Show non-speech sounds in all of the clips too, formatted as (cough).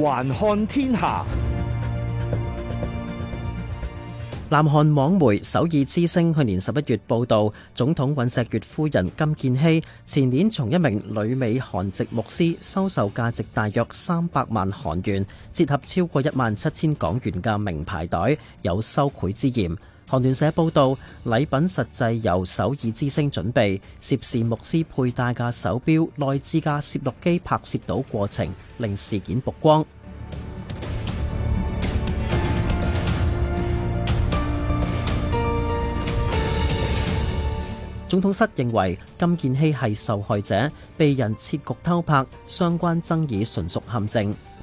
環看天下，南韓網媒《首爾之聲》去年十一月報道，總統尹錫悅夫人金建希前年從一名女美韓籍牧師收受價值大約三百萬韓元、折合超過一萬七千港元嘅名牌袋，有收賄之嫌。韓聯社報道，禮品實際由首爾之聲準備，涉事牧師佩戴嘅手錶內支架攝錄機拍攝到過程，令事件曝光。 (music) 總統室認為金建希係受害者，被人設局偷拍，相關爭議純屬陷阱。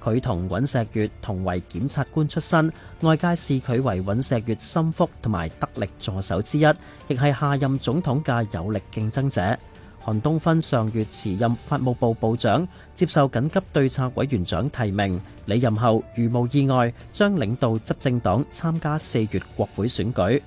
佢同尹錫悅同為檢察官出身，外界視佢為尹錫悅心腹同埋得力助手之一，亦係下任總統嘅有力競爭者。韓東勳上月辭任法務部部長，接受緊急對策委員長提名，離任後如無意外將領導執政黨參加四月國會選舉。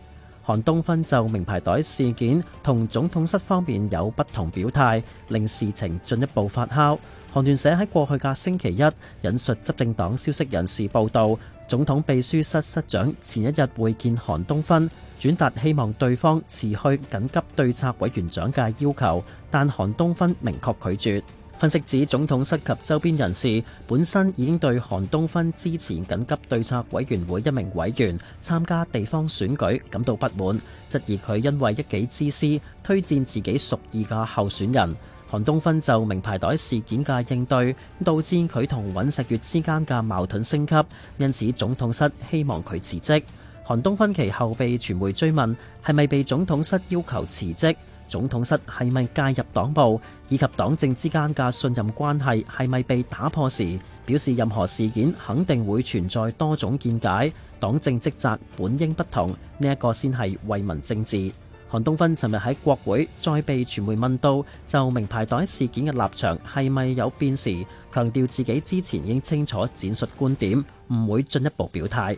韓東勳就名牌袋事件同總統室方面有不同表態，令事情進一步發酵。韓聯社喺過去嘅星期一引述執政黨消息人士報道，總統秘書室室長前一日會見韓東勳，轉達希望對方辭去緊急對策委員長嘅要求，但韓東勳明確拒絕。分析指，總統室及周邊人士本身已經對韓東勳之前緊急對策委員會一名委員參加地方選舉感到不滿，質疑佢因為一己之私推薦自己屬意嘅候選人。韓東勳就名牌袋事件嘅應對導致佢同尹錫悅之間嘅矛盾升級，因此總統室希望佢辭職。韓東勳其後被傳媒追問係咪被總統室要求辭職。總統室係咪介入黨部，以及黨政之間嘅信任關係係咪被打破時，表示任何事件肯定會存在多種見解，黨政職責本應不同，呢一個先係為民政治。韓東勳尋日喺國會再被傳媒問到就名牌袋事件嘅立場係咪有變時，強調自己之前已經清楚闡述觀點，唔會進一步表態。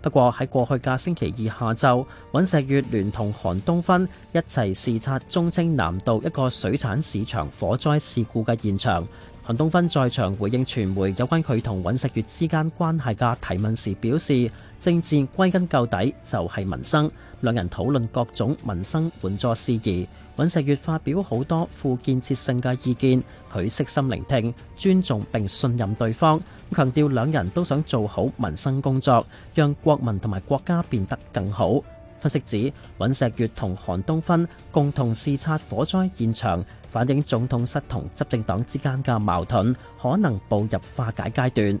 不過喺過去嘅星期二下晝，尹錫悅聯同韓東勳一齊視察忠清南道一個水產市場火災事故嘅現場。韓東勳在場回應傳媒有關佢同尹錫悅之間關係嘅提問時表示：政治歸根究底就係民生。兩人討論各種民生援助事宜，尹錫悅發表好多富建設性嘅意見，佢悉心聆聽，尊重並信任對方，強調兩人都想做好民生工作，讓國民同埋國家變得更好。分析指，尹錫悅同韓東勳共同視察火災現場，反映總統室同執政黨之間嘅矛盾可能步入化解階段。